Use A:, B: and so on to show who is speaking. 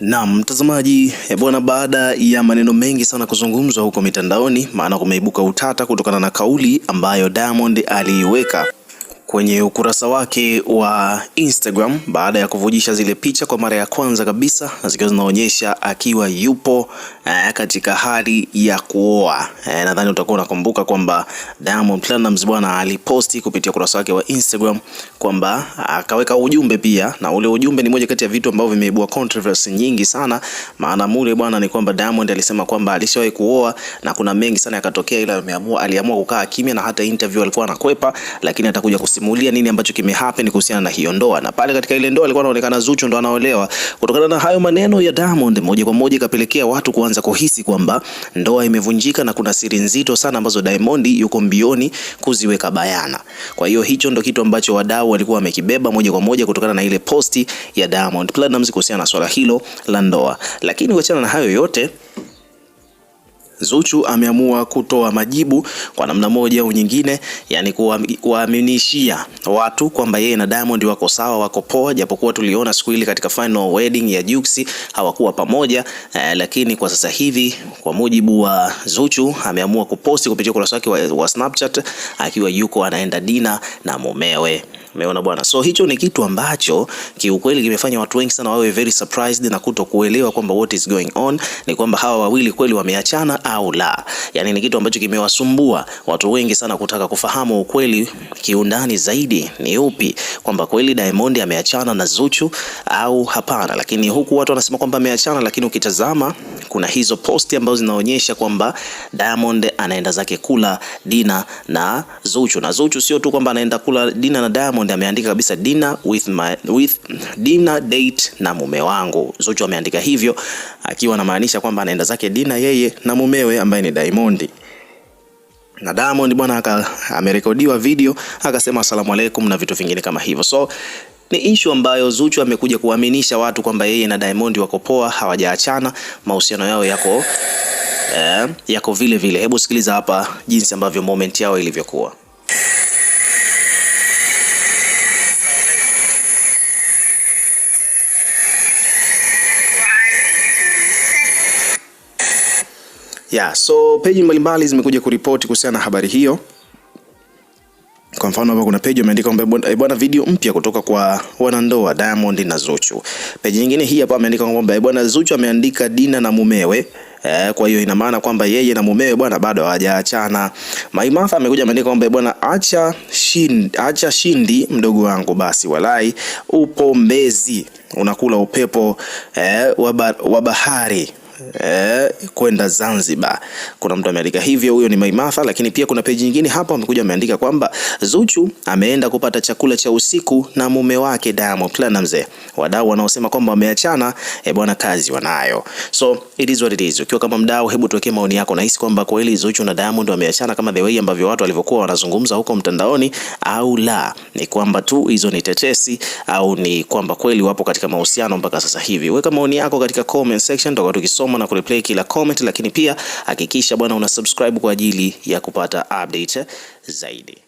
A: Naam, mtazamaji eh, bwana, baada ya maneno mengi sana kuzungumzwa huko mitandaoni, maana kumeibuka utata kutokana na kauli ambayo Diamond aliiweka kwenye ukurasa wake wa Instagram baada ya kuvujisha zile picha kwa mara ya kwanza kabisa zikiwa zinaonyesha akiwa yupo eh, katika hali ya kuoa. Eh, nadhani utakuwa unakumbuka kwamba Diamond Platnumz bwana aliposti kupitia ukurasa wake wa Instagram kwamba akaweka ujumbe pia, na ule ujumbe ni moja kati ya vitu ambavyo vimeibua controversy nyingi sana. Maana mule bwana ni kwamba Diamond alisema kwamba alishawahi kuoa na kuna mengi sana yakatokea, ila aliamua kukaa kimya na hata interview alikuwa anakwepa, lakini atakuja kusimu anasimulia nini ambacho kimehappen kuhusiana na hiyo ndoa, na pale katika ile ndoa alikuwa anaonekana Zuchu ndo anaolewa. Kutokana na hayo maneno ya Diamond, moja kwa moja ikapelekea watu kuanza kuhisi kwamba ndoa imevunjika na kuna siri nzito sana ambazo Diamond yuko mbioni kuziweka bayana. Kwa hiyo hicho ndo kitu ambacho wadau walikuwa wamekibeba moja kwa moja kutokana na ile posti ya Diamond Platnumz kuhusiana na swala hilo la ndoa, lakini kuachana na hayo yote Zuchu ameamua kutoa majibu kwa namna moja au nyingine, yani kuwaaminishia watu kwamba yeye na Diamond wako sawa, wako poa, japokuwa tuliona siku ile katika final wedding ya Jux hawakuwa pamoja eh, lakini kwa sasa hivi kwa mujibu wa Zuchu ameamua kuposti kupitia ukurasa wake wa, wa Snapchat akiwa yuko anaenda dina na mumewe. Umeona bwana, so hicho ni kitu ambacho kiukweli kimefanya watu wengi sana wawe very surprised na kutokuelewa kwamba what is going on, ni kwamba hawa wawili kweli wameachana au la. Yani ni kitu ambacho kimewasumbua watu wengi sana kutaka kufahamu ukweli kiundani zaidi ni upi, kwamba kweli Diamond ameachana na Zuchu au hapana. Lakini huku watu wanasema kwamba ameachana, lakini ukitazama kuna hizo posti ambazo zinaonyesha kwamba Diamond anaenda zake kula dina na Zuchu, na Zuchu sio tu kwamba anaenda kula dina na Diamond Diamond ameandika kabisa dinner with my, with dinner date na mume wangu. Zuchu ameandika hivyo akiwa anamaanisha kwamba anaenda zake dinner yeye na mumewe ambaye ni Diamond na Diamond bwana aka amerekodiwa video akasema asalamu alaykum na vitu vingine kama hivyo. So ni issue ambayo Zuchu amekuja kuaminisha watu kwamba yeye na Diamond wako poa, hawajaachana, mahusiano yao yako eh, yako vile vile. Hebu sikiliza hapa jinsi ambavyo moment yao ilivyokuwa. yeah, so peji mbalimbali zimekuja kuripoti kuhusiana na habari hiyo. Kwa mfano hapa kuna peji imeandika kwamba bwana, video mpya kutoka kwa wanandoa Diamond na Zuchu. Peji nyingine hii hapa ameandika kwamba bwana, Zuchu ameandika Dina na mumewe eh, kwa hiyo ina maana kwamba yeye na mumewe bwana bado hawajaachana. Maimatha amekuja ameandika kwamba bwana, acha shindi, acha shindi mdogo wangu, basi walai upo Mbezi unakula upepo eh, wa bahari eh, kwenda Zanzibar. Kuna mtu ameandika hivyo, huyo ni Maimatha. Lakini pia kuna peji nyingine hapa amekuja ameandika kwamba Zuchu ameenda kupata chakula cha usiku na mume wake Diamond Platnumz. Wadau wanaosema kwamba wameachana, eh bwana, kazi wanayo. So it is what it is. Ukiwa kama mdau, hebu tuweke maoni yako. Nahisi kwamba kweli Zuchu na Diamond wameachana kama the way ambavyo watu walivyokuwa wanazungumza huko mtandaoni, au la ni kwamba tu hizo ni tetesi, au ni kwamba kweli wapo katika mahusiano mpaka sasa hivi? Weka maoni yako katika comment section, tutakuwa tukisoma kusoma na kureplay kila comment, lakini pia hakikisha bwana una subscribe kwa ajili ya kupata update zaidi.